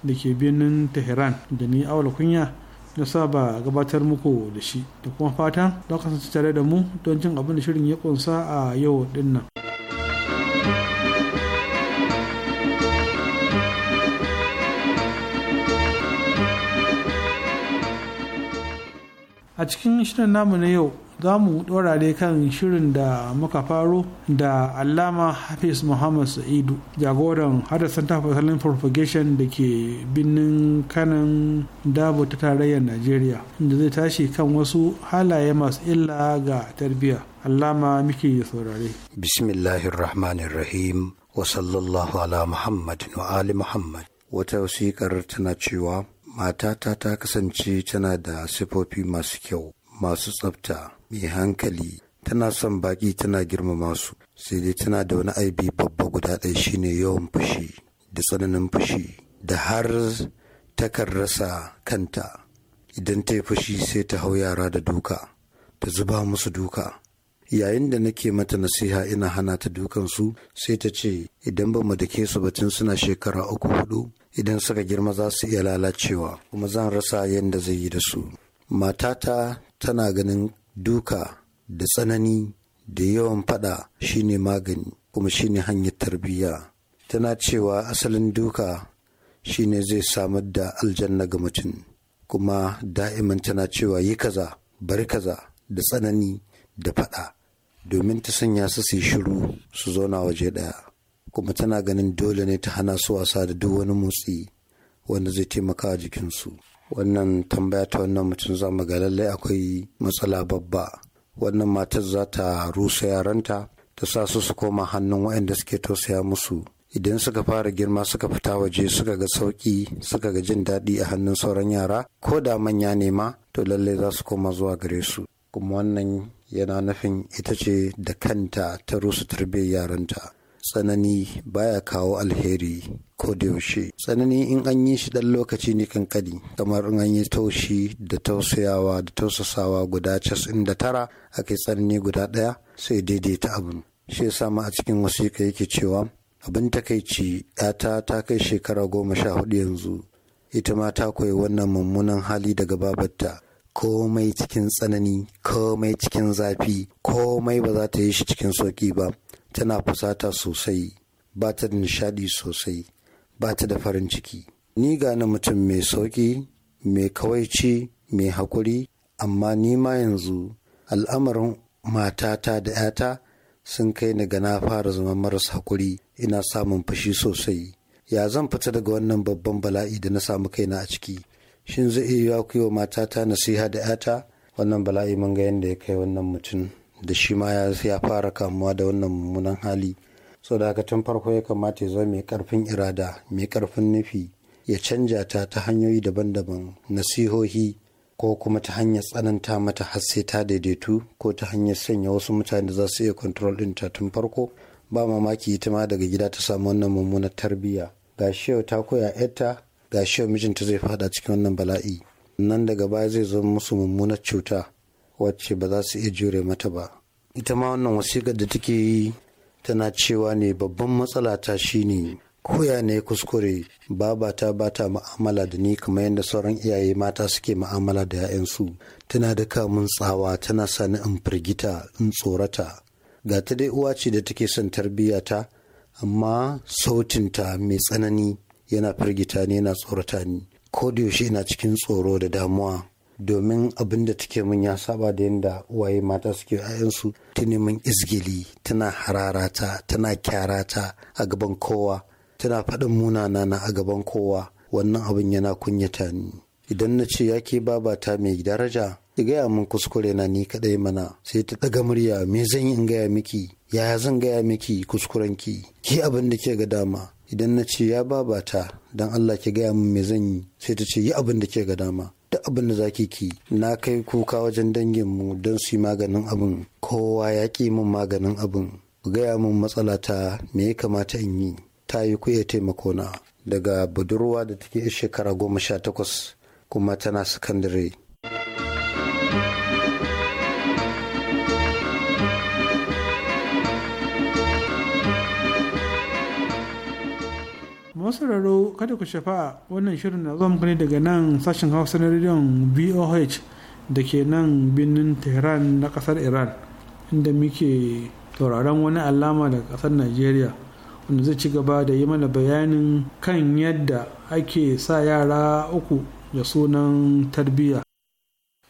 da ke birnin tehran da ni awal kunya na saba gabatar muku da shi da kuma fatan za kasance tare da mu don jin abin da shirin ya kunsa a yau dinnan. a cikin shirin namu na yau za mu daurare kan shirin da muka faro da allama hafiz muhammad sa'idu jagoran hadasan tafasalin propagation da ke binnin kanan dabo ta tarayyar najeriya da zai tashi kan wasu halaye masu illa ga tarbiyya allama muke saurare bismillahirrahmanirrahim wa sallallahu ala muhammad wa ali muhammad wata wasiƙar tana cewa matata ta kasance tana da sifofi masu kyau masu tsafta mai hankali tana son baki tana girmama su sai dai tana da wani aibi babba guda ɗaya shine yawan fushi da tsananin fushi da har takan rasa kanta idan ta yi fushi sai ta hau yara da duka ta zuba musu duka yayin da nake mata nasiha ina hana ta dukansu sai ta ce idan ba mu da ke su batun suna shekara uku hudu idan suka girma za su iya lalacewa kuma zan rasa yadda zai yi da su matata tana ganin duka da tsanani da yawan fada shine magani kuma shine hanyar tarbiyya tana cewa asalin duka shine zai samar da aljanna ga mutum kuma da'iman tana cewa yi kaza bari kaza da tsanani da fada domin ta sanya su su yi shiru su zauna waje ɗaya kuma tana ganin dole ne ta hana su wasa da duk wani motsi wanda zai taimaka a jikinsu wannan tambaya ta wannan mutum za mu ga lallai akwai matsala babba wannan matar za ta rusa yaranta ta sa su su koma hannun waɗanda suke tausaya musu idan suka fara girma suka fita waje suka ga sauƙi suka ga jin daɗi a hannun sauran yara ko da manya ne ma to lallai za su koma zuwa gare su kuma wannan yana nufin ita ce da kanta ta rusa tarbiyyar yaranta tsanani baya kawo alheri ko da yaushe tsanani in an yi shi dan lokaci ne kankani kamar in an yi taushi da tausayawa da tausasawa guda casin da tara aka yi tsanani guda ɗaya sai daidaita abin shi ya ma a cikin wasiƙa yake cewa abin takaici ‘yata ta kai shekara goma sha hudu yanzu ita ma ta koyi wannan mummunan hali daga babarta komai cikin tsanani komai cikin zafi komai ba za ta yi shi cikin sauƙi ba tana fusata sosai ba ta da nishadi sosai ba ta da farin ciki ni gane mutum mai sauƙi mai kawaici mai haƙuri amma ni ma yanzu al'amarin matata da 'yata sun kai ni ga na fara zama maras haƙuri ina samun fashi sosai ya zan fita daga wannan babban bala'i da na samu kaina a ciki shin zai iya yi wa matata nasiha da 'yata wannan bala'i mun ga yadda ya kai wannan mutum da shi ma ya fara kamuwa da wannan mummunan hali sau da haka tun farko ya kamata ya zama mai karfin irada mai karfin nufi ya canja ta ta hanyoyi daban-daban nasihohi ko kuma ta hanyar tsananta mata har sai ta daidaitu ko ta hanyar sanya wasu mutane da za su iya kontrol din ta tun farko ba mamaki ita ma daga gida ta samu wannan mummunar tarbiyya ga ta koya yarta ga mijinta zai fada cikin wannan bala'i nan daga baya zai zo musu mummunar cuta wacce ba za su iya jure mata ba ita ma wannan wasiƙar da take yi tana cewa ne babban matsala ta shine koya ne kuskure babata ba ta ma'amala da ni kamar yadda sauran iyaye mata suke ma'amala da 'ya'yansu tana da kamun tsawa tana sani in firgita in tsorata ga ta dai uwa ce da take son tarbiyyata amma sautinta mai tsanani yana firgita ni yana tsorata ni ko da yaushe ina cikin tsoro da damuwa domin abin da take mun ya saba da yadda uwaye mata suke ayansu tuni mun izgili tana hararata tana kyarata a gaban kowa tana faɗin munana na a gaban kowa wannan abin yana kunyata ni idan na ce yake babata mai daraja ki gaya min kuskure na ni kaɗai mana sai ta ɗaga murya me zan yi in gaya miki yaya zan gaya miki kuskuren ki ki abin da ke ga dama idan na ce ya babata don Allah ki gaya min me zan yi sai ta ce yi abin da ke ga dama abin da zaki ki na kai kuka wajen danginmu don su yi maganin abin kowa ya ƙi min maganin abin ku gaya min matsala ta me ya kamata in yi ta yi ku iya taimako na daga budurwa da take shekara goma sha takwas kuma tana sakandare. masu raro kada ku shafa wannan shirin na zuwa muku ne daga nan sashen hausa na rediyon boh da ke nan birnin tehran na kasar iran inda muke tauraron wani alama daga kasar nigeria wanda zai ci gaba da yi mana bayanin kan yadda ake sa yara uku da sunan tarbiyya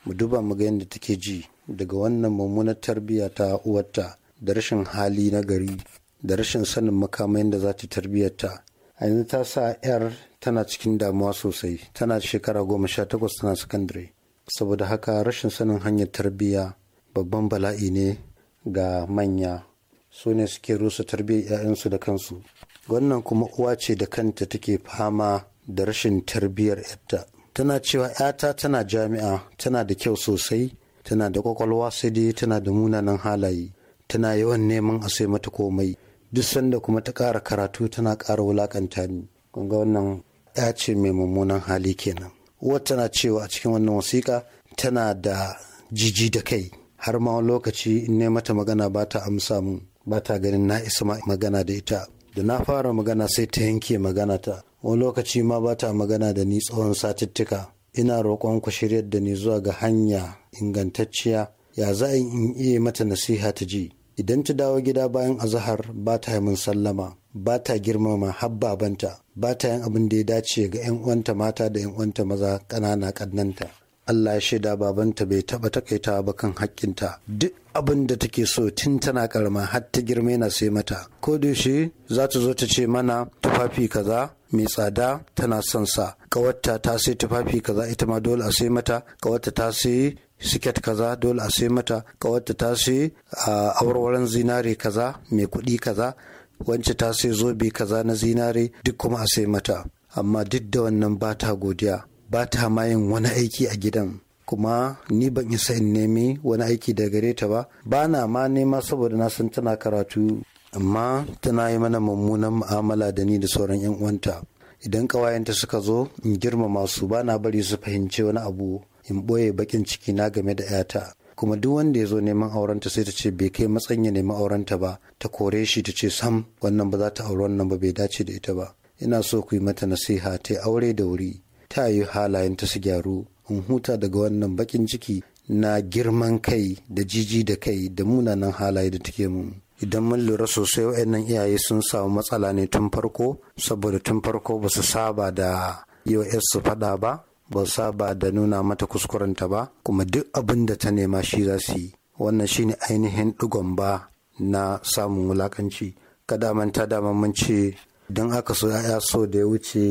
mu duba mu ga yadda take ji daga wannan mummunar tarbiyya ta uwarta da rashin hali na gari da rashin sanin makamai da za ta tarbiyyarta a yanzu ta sa 'yar tana cikin damuwa sosai tana shekara goma sha takwas tana sakandare saboda haka rashin sanin hanyar tarbiyya babban bala'i ne ga manya su ne suke rusa tarbiyyar 'ya'yansu da kansu wannan kuma uwa ce da kanta take fama da rashin tarbiyyar 'yarta tana cewa 'yata tana jami'a tana da kyau sosai tana da kwakwalwa sai dai tana da munanan halaye tana yawan neman a sai mata komai duk sanda kuma ta ƙara karatu tana ƙara wulaƙanta ni kun wannan ya ce mai mummunan hali kenan uwar tana cewa a cikin wannan wasiƙa tana da jiji da kai har ma wani lokaci in ne mata magana ba ta amsa mun ba ta ganin na isa magana da ita da na fara magana sai ta yanke magana ta wani lokaci ma ba ta magana da ni tsawon satittika. ina roƙon ku shiryar da ni zuwa ga hanya ingantacciya ya za in iya mata nasiha ta ji idan ta dawo gida bayan azahar ba ta yi sallama ba ta girmama habbabanta ba ta yin abin da ya dace ga 'yan uwanta mata da 'yan uwanta maza ƙanana ƙannanta Allah ya shaida babanta bai taɓa takaita ba kan haƙƙinta duk abin da take so tun tana karama har ta girma na sai mata ko da yaushe za ta zo ta ce mana tufafi kaza mai tsada tana son sa ƙawarta ta sai tufafi kaza ita ma dole a sai mata ƙawarta ta sai siket kaza dole a sai mata kawarta ta sai a awarwaran zinare kaza mai kuɗi kaza wance ta sai zobe kaza na zinare duk kuma a sai mata amma duk da wannan ba ta godiya ba ta ma yin wani aiki a gidan kuma ni ban isa in nemi wani aiki da gare ta ba ba na ma nema saboda na san tana karatu amma tana yi mana mummunan mu'amala da ni da sauran 'yan uwanta idan ƙawayenta suka zo in girmama su ba na bari su fahimci wani abu in ɓoye bakin ciki na game da 'yata kuma duk wanda ya zo neman aurenta sai ta ce bai kai matsayin ya nemi aurenta ba ta kore shi ta ce sam wannan ba za ta auri wannan ba bai dace da ita ba ina so ku yi mata nasiha ta aure da wuri ta yi halayen ta su gyaru in huta daga wannan bakin ciki na girman kai da jiji da kai da munanan halaye da take mu idan mun lura sosai wa'annan iyaye sun samu matsala ne tun farko saboda tun farko ba su saba da yau su faɗa ba ba saba da nuna mata kuskurenta ba kuma duk abin da ta nema shi za su yi wannan shine ainihin ɗigon ba na samun wulakanci kada ta dama mun ce don aka so ya so da ya wuce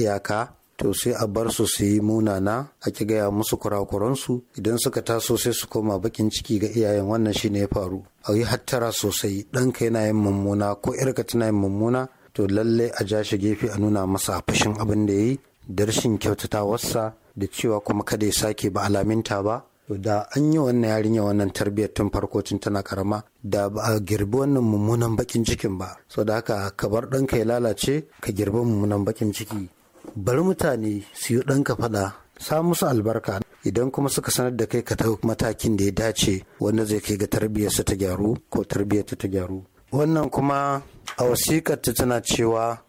iyaka to sai a bar su su yi munana a ki gaya musu kurakuransu idan suka taso sai su koma bakin ciki ga iyayen wannan shi ne ya faru a yi hattara sosai ɗanka yana yin mummuna ko irka tana yin mummuna to lallai a ja shi gefe a nuna masa fashin abin da ya yi da rashin wasa da cewa kuma kada ya sake ba alaminta ba da an yi wannan yarinya wannan tarbiyyar tun farko tun tana karama da ba a girbi wannan mummunan bakin cikin ba so da haka ka bar ɗanka ya lalace ka girbi mummunan bakin ciki bari mutane su yi ɗanka faɗa sa musu albarka idan kuma suka sanar da kai ka ta matakin da ya dace wanda zai kai ga tarbiyyarsa ta gyaru ko tarbiyyarta ta gyaru wannan kuma a wasiƙar tana cewa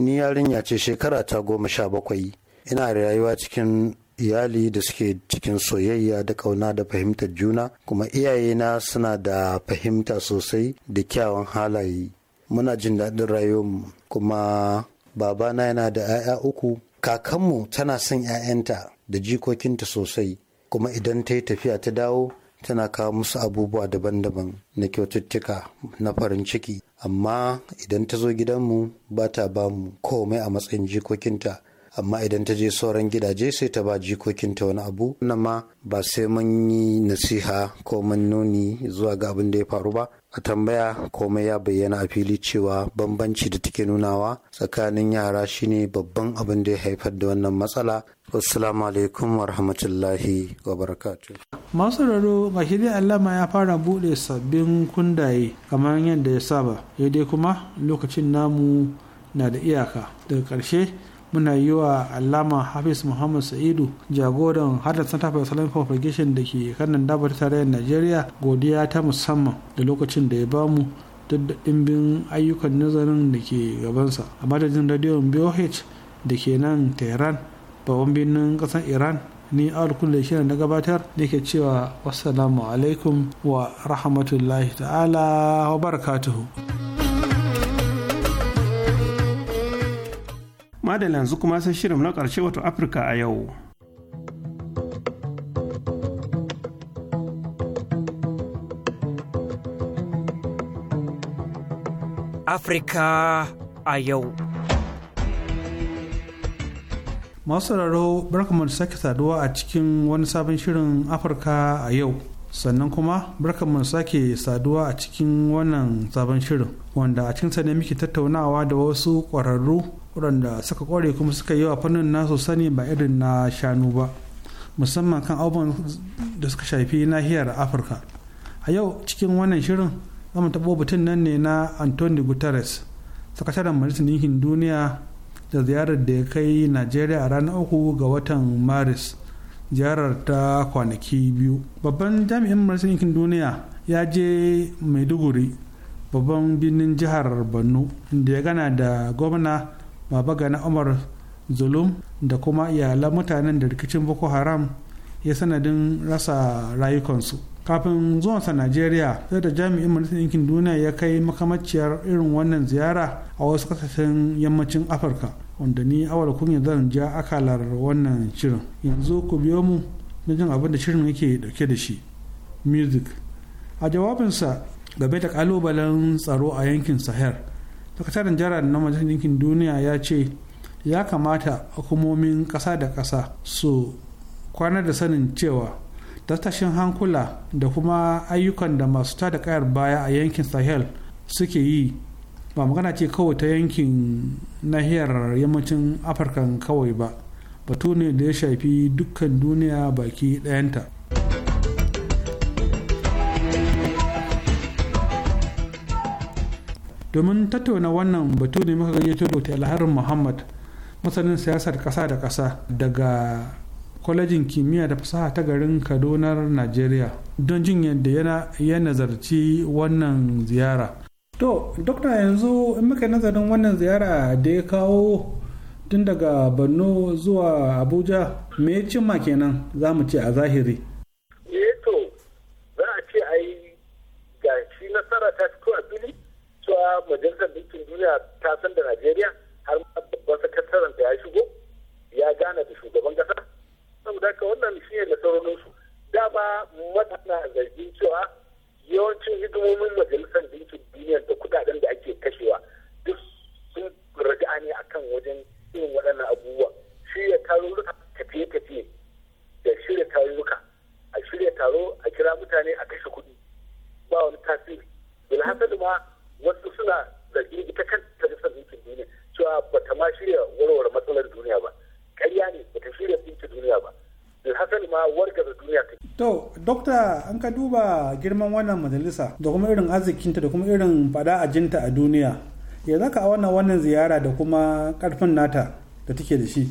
ni yarinya ce shekara ta goma sha bakwai ina rayuwa cikin iyali da suke cikin soyayya da ƙauna da fahimtar juna kuma iyayena suna da fahimta sosai da kyawun halaye muna jin daɗin rayuwarmu kuma babana yana da 'ya'ya uku kakanmu tana son 'ya'yanta da jikokinta sosai kuma idan ta yi tafiya ta dawo tana kawo musu abubuwa daban-daban na kyaututtuka na farin ciki amma idan ta zo gidanmu ba ta ba mu komai a matsayin jikokinta amma idan ta je sauran gidaje sai ta ba jikokinta wani abu na ma ba sai mun yi nasiha ko mun nuni zuwa ga abin da ya faru ba a tambaya komai ya bayyana a fili cewa bambanci da take nunawa tsakanin yara shine babban abin da ya haifar da wannan matsala assalamu alaikum wa rahmatullahi wa barakatu masu raro ga shi allama ya fara bude sabbin kundaye kamar yadda ya saba ya dai kuma lokacin namu na da iyaka daga karshe. muna yi wa alama hafiz muhammad sa'idu jagoran hadar center for islamic propagation da ke kanan dabar tarayyar najeriya godiya ta musamman da lokacin da ya bamu duk da ɗimbin ayyukan nazarin da ke gabansa a madadin radiyon boh da ke nan tehran babban birnin ƙasar iran ni alkun da shirin na gabatar da ke cewa wassalamu alaikum wa rahmatullahi ta'ala wa barakatuhu. madalla yanzu kuma sai shirin na ƙarshe wato afirka a yau afirka a yau masu sauraro barkamu da sake saduwa a cikin wani sabon shirin afirka a yau sannan kuma barkamu da sake saduwa a cikin wannan sabon shirin wanda a cikinsa ne muke tattaunawa da wasu ƙwararru waɗanda suka kware kuma suka yi wa fannin nasu sani ba irin na shanu ba musamman kan abubuwan da suka shafi nahiyar afirka a yau cikin wannan shirin zama taɓo batun nan ne na antoni guterres sakataren majalisar ɗinkin duniya da ziyarar da ya kai najeriya a ranar uku ga watan maris ziyarar ta kwanaki biyu babban jami'in majalisar ɗinkin duniya ya je maiduguri babban birnin jihar borno da ya gana da gwamna baba gana umar zulum da kuma iyalan mutanen da rikicin boko haram ya sanadin rasa rayukansu kafin zuwansa najeriya sai da jami'in majalisar yankin duniya ya kai makamaciyar irin wannan ziyara a wasu kasashen yammacin afirka wanda ni awal kunya zan ja akalar wannan shirin yanzu ku biyo mu na jin abin da shirin yake dauke da shi music a jawabinsa game da kalubalen tsaro a yankin sahel sakataren jihar na majalisar ɗinkin duniya ya ce ya kamata hukumomin ƙasa da ƙasa su kwanar da sanin cewa tashin hankula da kuma ayyukan da masu tada kayar baya a yankin sahel suke yi ba magana ce kawai ta yankin nahiyar yammacin afirka kawai ba batu ne da ya shafi dukkan duniya baki ɗayanta. domin tattauna wannan batu ne muka gayyato ta alharin muhammad masanin siyasar ƙasa da ƙasa daga kwalejin kimiyya da fasaha ta garin kaduna najeriya don jin yadda ya nazarci wannan ziyara to dokta yanzu in muka nazarin wannan ziyara da ya kawo tun daga borno zuwa abuja me cimma kenan za mu ce a zahiri cewa majalisar ɗinkin duniya ta san da najeriya har ma babban sakataren da ya shigo ya gane da shugaban kasa saboda haka wannan shi ne da da dama matana zargin cewa yawancin hidimomin majalisar dinkin duniya da kudaden da ake kashewa duk sun raga ne akan wajen irin waɗannan abubuwa shirya tarurruka tafiye-tafiye da shirya tarurruka To, Dokta, an ka duba girman wannan majalisa da kuma irin arzikinta da kuma irin fada ajinta a duniya. Ya zaka a wannan wannan ziyara da kuma karfin nata da take da shi.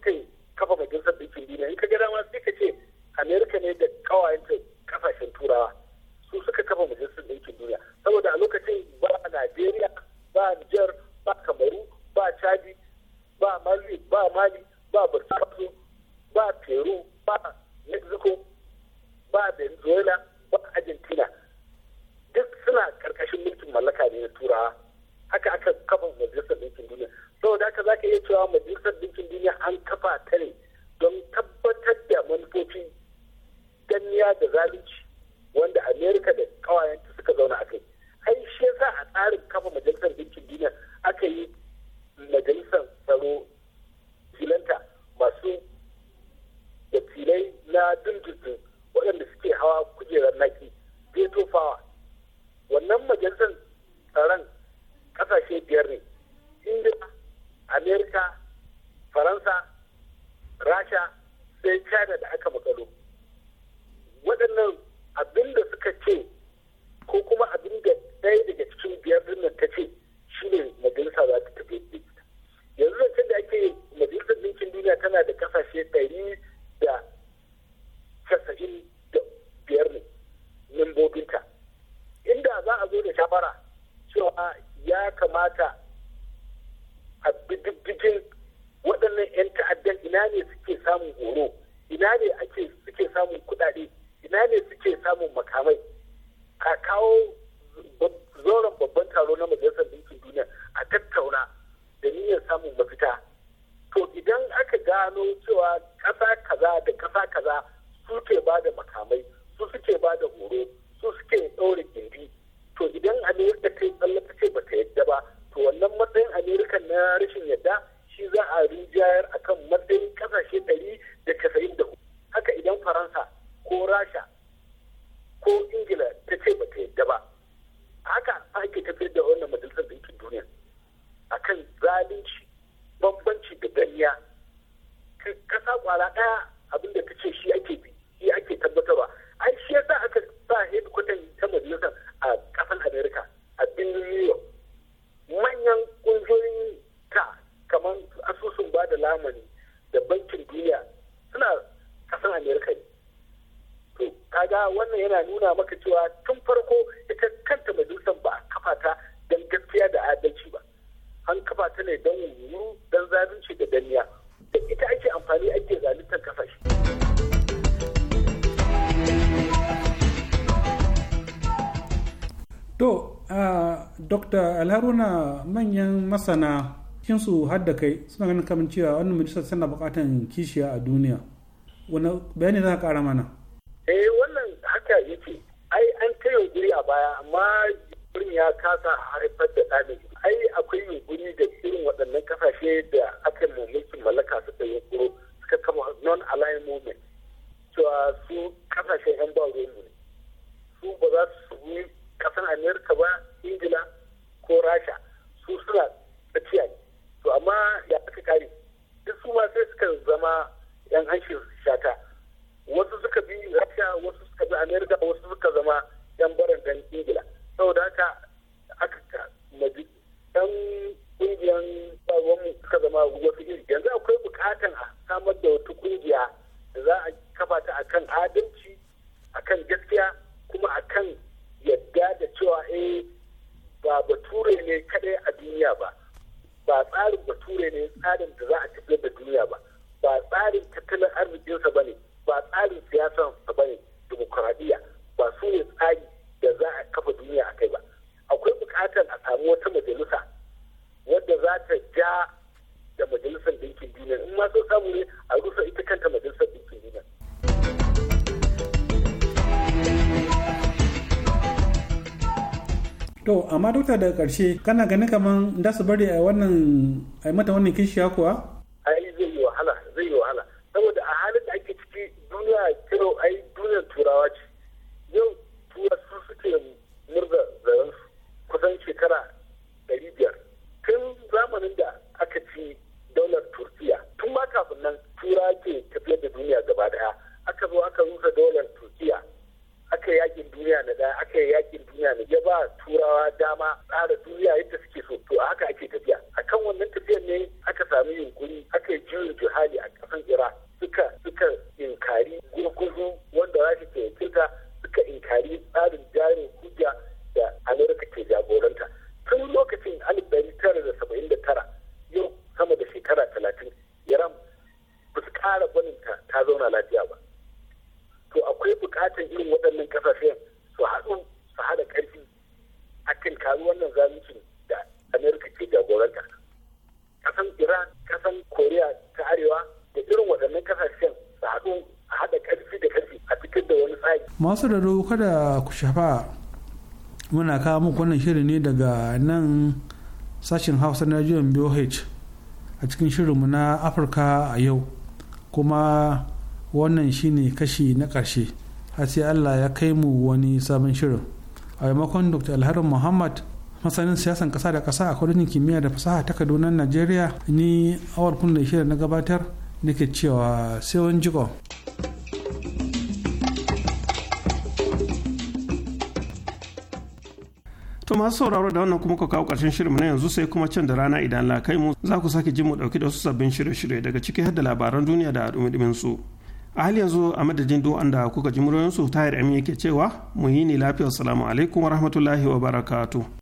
suka yi kafa majalisar ɗinkin duniya in ka ga ma sai ka ce amerika ne da ta kasashen turawa su suka kafa majalisar ɗinkin duniya saboda a lokacin ba a najeriya ba niger ba kamaru ba chadi ba mali ba mali ba burkina ba ba peru ba mexico ba venezuela ba argentina duk suna karkashin mulkin mallaka ne na turawa haka aka kafa majalisar ɗinkin duniya saboda haka za ka iya cewa majalisar dinkin duniya an kafa ta ne don tabbatar da manufofin danniya da zalunci wanda amerika da kawayenta suka zauna a kai ai shi yasa a tsarin kafa majalisar dinkin duniya aka yi majalisar tsaro filanta masu da filai na dindindin waɗanda suke hawa kujerar naki veto fawa wannan majalisar tsaron ƙasashe biyar ne inda amerika faransa rasha sai china da aka makalo waɗannan abinda suka ce ko kuma abinda ɗaya daga cikin biyar nan ta ce shi ne majalisa za ta tafi yanzu da can da ake majalisar ɗinkin duniya tana da kasashe ɗari da casa'in da biyar ne membobinta inda za a zo da shafara cewa ya kamata a bididdigin waɗannan 'yan ta'addan ina ne suke samun horo ina ne ake suke samun kuɗaɗe ina ne suke samun makamai a kawo zoron babban taro na majalisar ɗinkin duniya a tattauna da niyyar samun mafita to idan aka gano cewa ƙasa kaza da ƙasa kaza su ke ba da makamai su suke ba da horo masana cikinsu har da kai suna ganin kamar cewa wannan majalisar tana buƙatar kishiya a duniya wani bayani za ka kara mana eh wannan haka yake ai an kai guri a baya amma wurin ya kasa haifar yanzu akwai bukatan a samar da wata kungiya da za a kafa ta akan adalci kan gaskiya kuma a kan yadda da cewa eh ba bature ne kadai a duniya ba ba tsarin bature ne tsarin da za a tafi da duniya ba ba tsarin tattalin arzikinsa ba ne ba tsarin siyasarsa ba ne demokuraɗiyya ba su ne tsari da za a kafa duniya a kai ba akwai bukatan a samu wata majalisa wadda za ta ja da majalisar dinkin duniya in ma so samu ne a rusa ita kanta majalisar ɗinkin duniya. To amma dokta daga ƙarshe kana ganin kaman da su bari a wannan a mata wannan kishiya kuwa? Ai zai yi wahala zai yi wahala saboda a halin da ake ciki duniya kiro ai duniyar turawa ce yau tura su suke murza zaren kusan shekara ɗari biyar tun zamanin da aka ci daular turkiya tun ma kafin nan tura ke tafiyar da duniya gaba daya aka zo aka rusa daular turkiya aka yakin duniya na daya aka yakin duniya na ya ba turawa dama tsara duniya yadda suke so to haka ake tafiya akan wannan tafiyar ne aka sami yunkuri aka yi juyin juhali a kasan iraq suka suka inkari gurguzu wanda za su ke wakilta suka inkari tsarin jarin hujja da amurka ke jagoranta tun lokacin alif dari tara da saba'in da tara yau sama da shekara talatin yaran ba su kara baninta ta zauna lafiya ba to akwai bukatar irin waɗannan kasashen su haɗu su haɗa ƙarfi a kan karu wannan zalunci da amerika ke jagoranta kasan iran kasan koriya ta arewa da irin waɗannan kasashen su haɗu a haɗa ƙarfi da ƙarfi a cikin da wani tsari masu da kada ku shafa muna kawo muku wannan shirin ne daga nan sashen hausa na jiyan BOH a cikin shirinmu na afirka a yau kuma wannan shine kashi na ƙarshe har sai allah ya kai mu wani sabon shirin a maimakon dr alharin muhammad masanin siyasan ƙasa da ƙasa a kwadanin kimiyya da fasaha ta kaduna najeriya ni awar kunle shirin na gabatar nake cewa sai wani jikon To masu sauraro da wannan kuma ka kawo ƙarshen shirin na yanzu sai kuma can da rana idan la kai mu za ku sake ji mu ɗauki da wasu sabbin shirye-shirye daga ciki har da labaran duniya da dumi su. A hali yanzu a madadin duk da kuka ji su tahir amin yake cewa mu yi ni lafiyar salamu alaikum wa rahmatullahi wa barakatu.